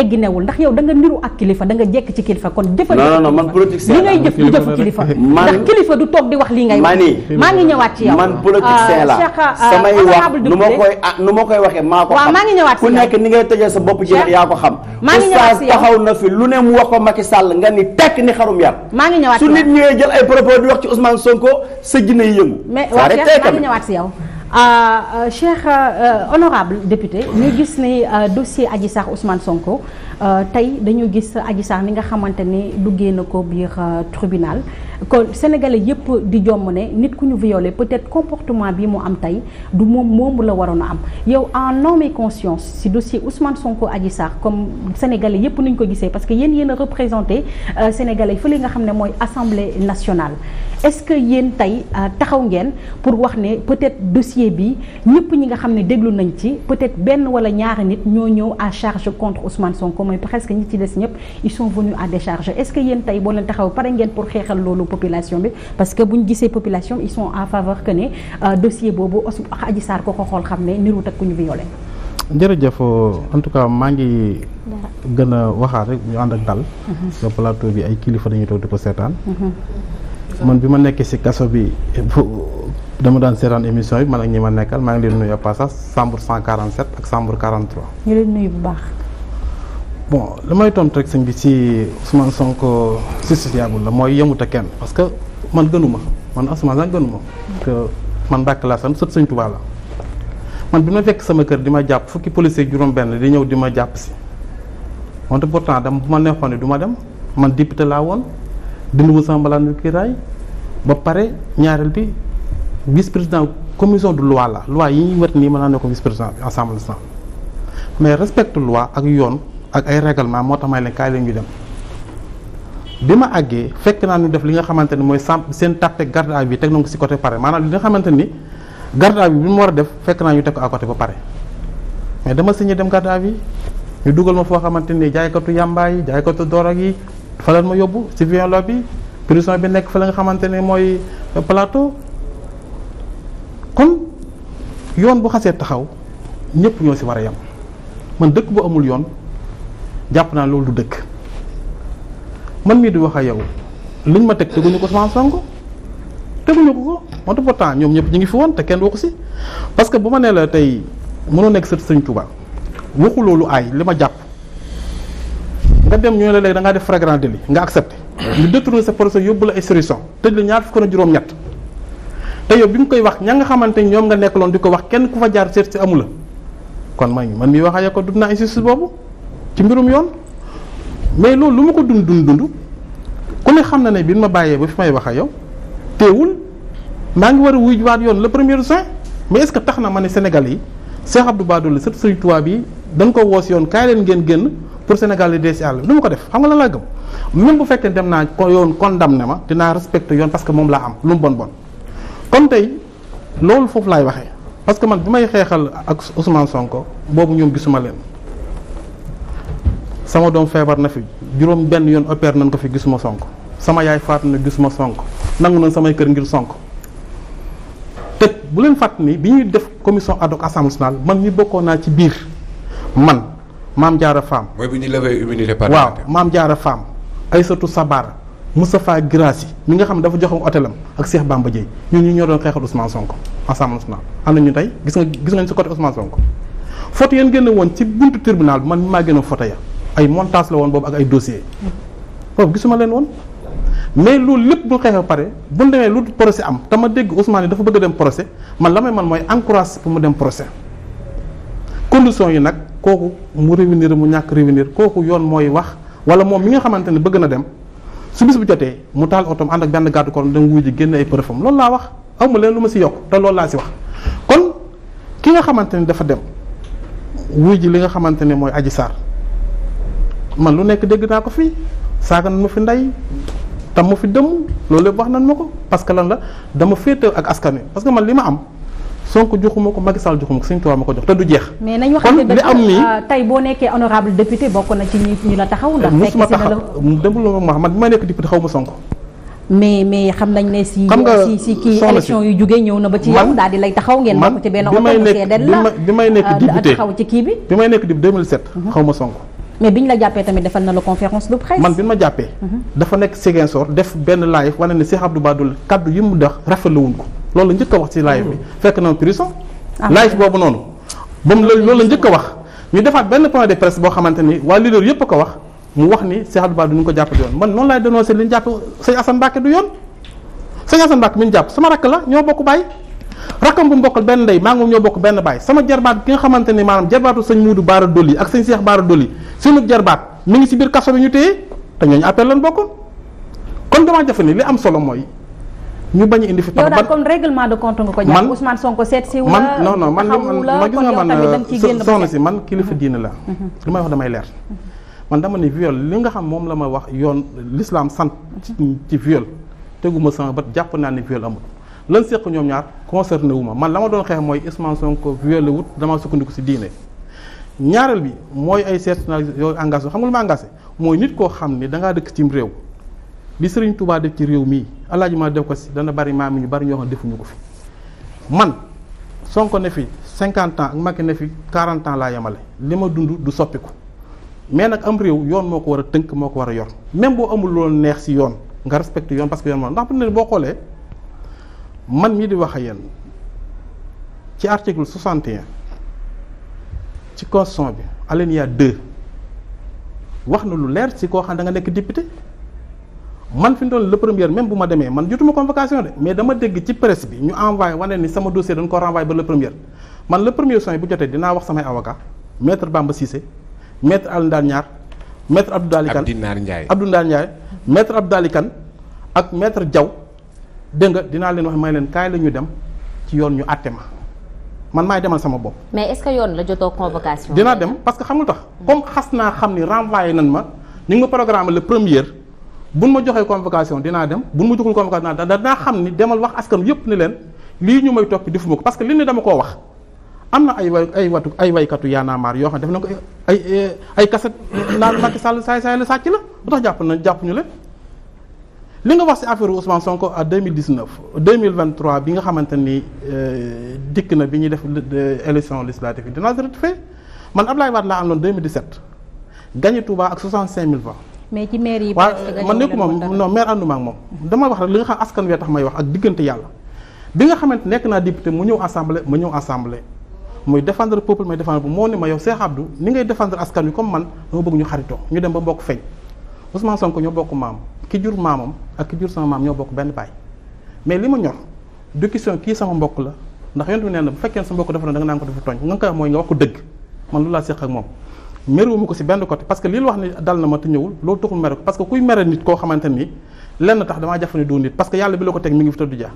tegginewul ndax yow da nga niru ak kilifa da nga jekk ci kilifa kon jëfal non non man politicien li ngay jëf du jëfu kilifa ndax kilifa du toog di wax li ngay wax maa ngi ñëwaat ci yow ah, ah, ma koy ah, nu ma koy waxee maa ku nekk ni ngay tëjee sa bopp ji yaa ko xam maa ngi ñëwaat ci yow na fi lu ne mu wax ko Macky Sall nga ni tekk ni xarum yar maa ngi ñëwaat su nit sa jinne yi yëngu mais maa ngi Euh, euh, Cheikh euh, honorable député ñu gis ni dossier Adji Sarr Ousmane Sonko tey dañu gis Adji Sarr mi nga xamante ne duggee na ko biir tribunal kon sénégalais yépp di jomm ne nit ku ñu violé peut-être comportement bi mu am tey du moom moom la waroon a am yow en homme et conscience si dossier Ousmane Sonko Adji comme sénégalais yépp nuñ ko gisee parce que yéen yéen a représenté sénégalais fële nga xam ne mooy assemblée nationale. est-ce que yéen tey euh, taxaw ngeen pour wax ne peut-être dossier bi ñëpp ñi nga xam ne déglu nañ ci peut-être benn wala ñaari nit ñoo ñëw à charge contre Ousmane Sonko mooy presque ñi ci des ñëpp ils sont venus à décharge est-ce que yéen tey boo leen taxaw pare ngeen pour xeexal loolu population bi parce que bu ñu gisee population ils sont en faveur que ne euh, dossier boobu Adji Sarr ko ko xool xam ne nirut ak ku ñu violé jërëjëf en tout cas maa ngi gën a waxaat rek ñu ànd ak dal. Mhm. plateau bi ay kilifa dañuy toog di ko seetaan. Mhm. man bi ma nekkee si kaso bi dama daan seetaan émission yi man ak ñi ma nekkal maa ngi leen nuyu passage chambre 147 ak chambre 43. ñu leen nuyu bu baax. bon li may tontu rek sëñ bi si Ousmane Sonko justiciable la mooy yemut a kenn parce que man gënuma man Ousmane sama gënuma que man Mbàkke laa sant sët sëñ Tuubaa la man bi ma fekk sama kër di ma jàpp fukki policier juróom-benn di ñëw di ma jàpp si wante pourtant dama bu ma neexoon ne du ma dem man député laa woon. dindi mu sama mbalaanu kiiraay ba pare ñaareel bi vice président commission de loi la loi yi ñuy wet nii mën naa ne ko vice président bi assemblée nationale mais respecte loi ak yoon ak ay règlement moo tax may leen kaay leen ñu dem bi ma àggee fekk naa ñu def li nga xamante ni mooy samp seen tàppe garde à bi teg na ko si côté pare maanaam li nga xamante ni garde à bi bi mu war a def fekk naa ñu teg ko à côté ba pare mais dama signé dem garde à vue ñu dugal ma foo xamante ni jaaykatu yàmbaay jaaykatu dorog yi fa ma yóbbu ci Sylvain bi prison bi nekk fa la nga xamante ne mooy euh, palaato kon yoon bu xasee taxaw ñëpp ñoo ci war a yem man dëkk bu amul yoon jàpp naa loolu du dëkk man mii di wax a yow liñ ma teg teguñu ko Ousmane Sonko teguñu ko ko moo tax pourtant ñoom ñëpp ñu ngi fi woon te kenn waxu ci parce que bu ma nee la tey mënoo nekk sët Sëñ Tuubaa waxu loolu aay li ma jàpp. nga dem ñu ne la léegi da def flagrant délit nga accepté ñu détourné sa procès yóbbu la instruction tëj la ñaar fukk na juróom-ñett te yow bi mu koy wax ña nga xamante ni ñoom nga nekk loon di ko wax kenn ku fa jaar seet si amu la kon ma man mi waxee ko dund naa injustice boobu ci mbirum yoon mais loolu lu ma ko dund dund dund ku ne xam na ne bi ma bàyyee ba fi may wax ak yow teewul maa ngi war a wuy waat yoon le premier juin mais est-ce que tax na ma ne Sénégal yi Cheikh Abdou Bara Dolly sët Sëriñ Tuubaa bi dañ ko woos yoon kaay ngeen génn pour Sénégal li dee si àll bi ma ko def xam nga lan laa gëm moom bu fekkee dem naa ko yoon condamné ma dinaa respecté yoon parce que moom laa am lu mu bon bon kon tey loolu foofu laay waxee parce que man bi may xeexal ak Ousmane Sonko boobu ñoom gisuma leen sama doom feebar na fi juróom benn yoon opère nañ ko fi gisuma sonk sama yaay faatu na gisuma sonk nangu nañ samay kër ngir sonk te bu leen fàtt ni bi ñuy def commission ad hoc assemblée nationale man ñu bokkoon naa ci biir man Mame Diarra Fam. mooy bu ñu levé immunité parlementaire waaw Mame Diarra Fam. Aïssatou Sabara Moustapha Guirassy mi nga xam ne dafa joxoon hôtelam ak Cheikh Bamba Dièye ñun ñu ñoo doon xeexal Ousmane Sonko Assemblée nationale am na ñu tey gis nga gis nga ñu si côté Ousmane Sonko. photo yéen génne woon ci buntu tribunal bi man maa génnoon photo ya ay montage la woon boobu ak ay dossiers foofu oh, gisuma leen woon mais loolu lépp bu xeexee pare bu ñu demee lu procès am te ma dégg Ousmane dafa bëgg a dem procès man la may man mooy encourage pour mu dem procès condition yi nag. kooku mu revenir mu ñàkk revenir kooku yoon mooy wax wala moom mi nga xamante ne bëgg na dem su bis bu jotee mu taal otom ànd ak benn gàddu korom da nga ji génn ay preuve am loolu wax aw ma leen lu ma si yokk te loolu laa si wax kon ki nga xamante ne dafa dem wuy ji li nga xamante ne mooy aji saar man lu nekk dégg naa ko fii saaka nan ma fi ndey tam ma fi dëmm loolu yëpp wax nan ma ko parce que lan la dama féete ak askan wi parce que man li ma am Sonko joxuma ko Macky Sall joxuma ko Sëñ Tuubaa ma ko jox te du jeex. mais nañu waxante dëgg am nii euh, tey boo nekkee honorable député bokk na ci ñu la taxaw. ndax nekk si xam ne si. nga si si kii élection yu jógee ñëw na ba ci yow. daal di lay taxaw ngeen bokk ci benn oto. man bi euh, kii bi. bi mhm. ma Sonko. mais bi ñu la jàppee tamit defal na la conférence de presse. man bi ma jàppee. Mhm. dafa nekk Ziguinchor def benn live wane ne Cheikh Abdou Bara Dolly kaddu yi mu def rafetlu wuñ ko loolu la njëkk a wax ci live bi mm-hmm. fekk na prison ah. live boobu noonu moom la lool la njëkk a wax ñu defaat benn point de presse boo xamante ni waa leader yëpp a ko wax mu wax ni Cheikh Abdou du ñu ko jàpp du yoon man noonu laay dénoncé li ñu jàpp sëñ Assane Mbacké du yoon sëñ Assane Mbacké sama rakk la ñoo bokk baay rakkam bu mu benn ndey maa ngi moom ñoo bokk benn baay sama jarbaat ki nga xamante ni maanaam jarbaatu sëñ Muudu Baara Dolli ak sëñ Cheikh Baara Dolli suñu jarbaat mi ngi si biir kaso bi ñu téye te ñooñu appel lan bokk kon damaa jafe ni li am solo mooy ñu bañ a indi fi. yow daal comme règlement de compte nga ko jàpp man Ousmane Sonko seet si wala man non non man ma gis nga man euh, soxna si man kilifa mm-hmm. diine la mm-hmm. li may wax damay leer mm-hmm. man dama ne viol li nga xam moom la ma wax yoon lislaam sant ci viol teguma sama ba jàpp naa ne viol amul lan seq ñoom ñaar concerné wu ma man la ma doon xeex mooy Ousmane Sonko violé wut damaa sukkandiku si diine ñaareel bi mooy ay seet na yooyu engagé xam nga ma engagé mooy nit koo xam ne dangaa dëkk cim réew li Serigne Touba def ci réew mii alaaji ma def ko si dana bari maam ñu bari ñoo xam ne defuñu ko fi man Sonko ne fi cinquante ans ak Macky ne fi quarante ans laa yemale li ma dund du soppiku mais nag am réew yoon moo ko war a tënk moo ko war a yor même boo amul loolu neex si yoon nga respecté yoon parce que yoon moo ndax bu ne boo xoolee man mii di wax ak yéen ci article 61 ci constitution bi alinéa 2 wax na lu leer si koo xam da danga nekk député man fi mu toll le premier même bu ma demee man jotuma convocation de mais dama dégg ci presse bi ñu envoyé wane ni sama dossier dañ ko renvoyé ba le premier man la premier soin bu jotee dinaa wax samay avocat maître Bamba Cissé maître Alioune Ndiar maître Abdou Dali Kane Abdou Ndar Ndiaye maître Abdou Dali Kane ak maître jaw dégg nga dinaa leen wax may leen kaay la ñu dem ci yoon ñu àtte ma man maay demal sama bopp. mais est-ce que yoon la jotoo convocation. dinaa dem parce que xamul tax comme xas naa xam ni renvoyé nan ma ni nga programme le premier. bu nu ma joxee convocation dinaa dem buñ ma joxul convocation dinaa dinaa xam ni demal wax askan yëpp ni leen lii ñu may topp defuma ko parce que li ne dama koo wax am na ay way ay watu ay waykatu maar yoo xam ne def na ko ay ay kaset naan Macky Sall saay saay la sàcc la bu tax jàpp na jàpp ñu leen li nga wax ci affaire Ousmane Sonko à 2019 2023 bi nga xamante ni euh, dikk na bi ñuy def euh, élection législative yi dinaa se fait man Ablaye Wade laa àndoon 2017 gagné Touba ak 65000 voix mais ci maire yi. waaw man nekkuma non maire ànduma ak moom. dama wax rek li nga xam askan wee tax may wax ak diggante yàlla bi nga xamante nekk naa député mu ñëw assemblée ma ñëw assemblée. muy défendre peuple may défendre bu moo ne ma yow Cheikh Abdou ni ngay défendre askan wi comme man dama bëgg ñu xaritoo ñu dem ba mbokk feeñ Ousmane Sonko ñoo bokk maam ki jur maamam ak ki jur sama maam ñoo bokk benn baay mais li ma ñor du question kii sama mbokk la ndax yonent bi nee bu fekkee sa mbokk dafa na da nga naan ko dafa tooñ nga koy moom merewuma ko si benn côté parce que li wax ni dal na ma te ñëwul loolu taxul mere ko parce que kuy mere nit koo xamante ni lenn tax damaa jafe ne du nit parce que yàlla bi la ko teg mi ngi fi tëdd jaa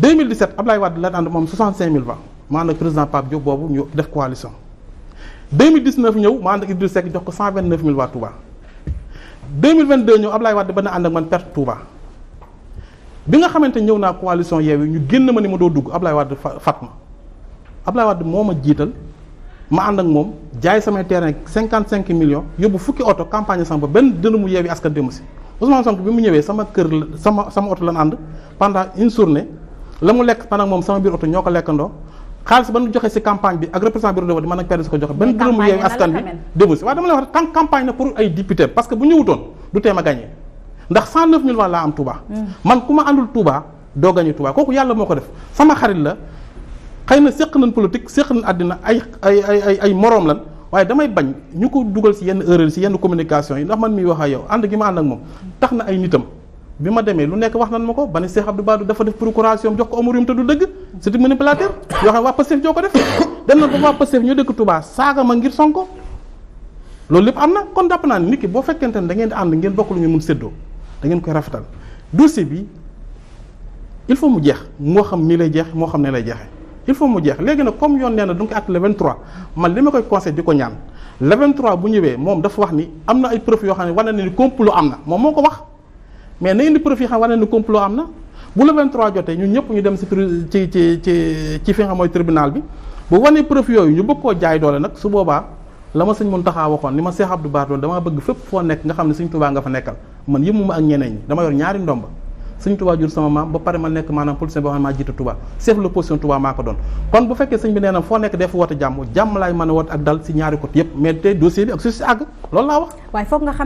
2017 Ablaye Wade la ànd moom 65000 voix ma ànd ak président Pape Diop boobu ñu def coalition 2019 ñëw ma ànd ak Idriss Seck jox ko 129000 voix Touba 2022 ñëw Ablaye ba na ànd ak man ñëw naa coalition Yewwi ñu génn ma ni ma doo dugg Ablaye Wade fat ma Ablaye Wade moo ma jiital. ma ànd ak moom jaay samay terrain cinquante cinq millions yóbbu fukki oto campagne samp benn dënn mu yeewi askan démb si Ousmane Sonko bi mu ñëwee sama kër sama sama oto lan ànd pendant une journée la mu lekk man ak moom sama biir oto ñoo ko lekkandoo xaalis ba nu joxe si campagne bi ak représentant bureau de vote man ak père si ko joxe benn dënn mu yeewi askan démb si waaye dama lay wax tant na pour ay député parce que bu ñëwutoon du teem a gagné ndax cent neuf hmm. kooku yàlla moo ko def sama xarit la xëy na séq nañ politique séq nañ àddina ay ay ay ay ay moroom lan waaye damay bañ ñu ko dugal si yenn erreur si yenn communication yi ndax man miy wax ak yow ànd gi ma ànd ak moom tax na ay nitam bi ma demee lu nekk wax nan ma ko ba ne Cheikh Abdou Badou dafa def procuration jox ko Omarium te du dëgg c'est un yoo xam ne waa Pastef joo ko def dem na ba waa Pastef ñu dëkk Touba saaga loolu lépp am na kon dàpp naa ne nit ki boo fekkente ne da ngeen di ànd ngeen bokk lu ñu mun séddoo ngeen koy rafetal dossier bi il faut mu jeex moo xam nii lay jeex moo xam ne lay jeexee il faut mu jeex léegi nag comme yoon nee na du nga ko àtte le man li ma koy conseil di ko ñaan le 23 bu ñëwee moom dafa wax ni am na ay preuve yoo xam ne war na ne ni complot am na moom moo ko wax mais na indi preuve yoo xam na ni am na bu le 23 jotee ñun ñëpp ñu dem si ci ci ci ci fi nga xam mooy tribunal bi bu wane preuve yooyu ñu bëgg koo jaay doole nag su boobaa la ma sëñ Muntaxa waxoon li ma Seex Abdu Baar doon damaa bëgg fépp foo nekk nga xam ne sëñ Tuubaa nga fa nekkal man yëmuma ak ñeneen ñi dama yor ñaari sëñ Touba jur sama maam ba pare ma nekk maanaam politicien boo xam ne maa jiite Touba chef l'opposition Touba maa ko doon kon bu fekkee sëñ bi nee foo nekk def woote jàmm jàmm laay mën a woote ak dal si ñaari côté yépp mais tey bi ak su si àgg loolu laa wax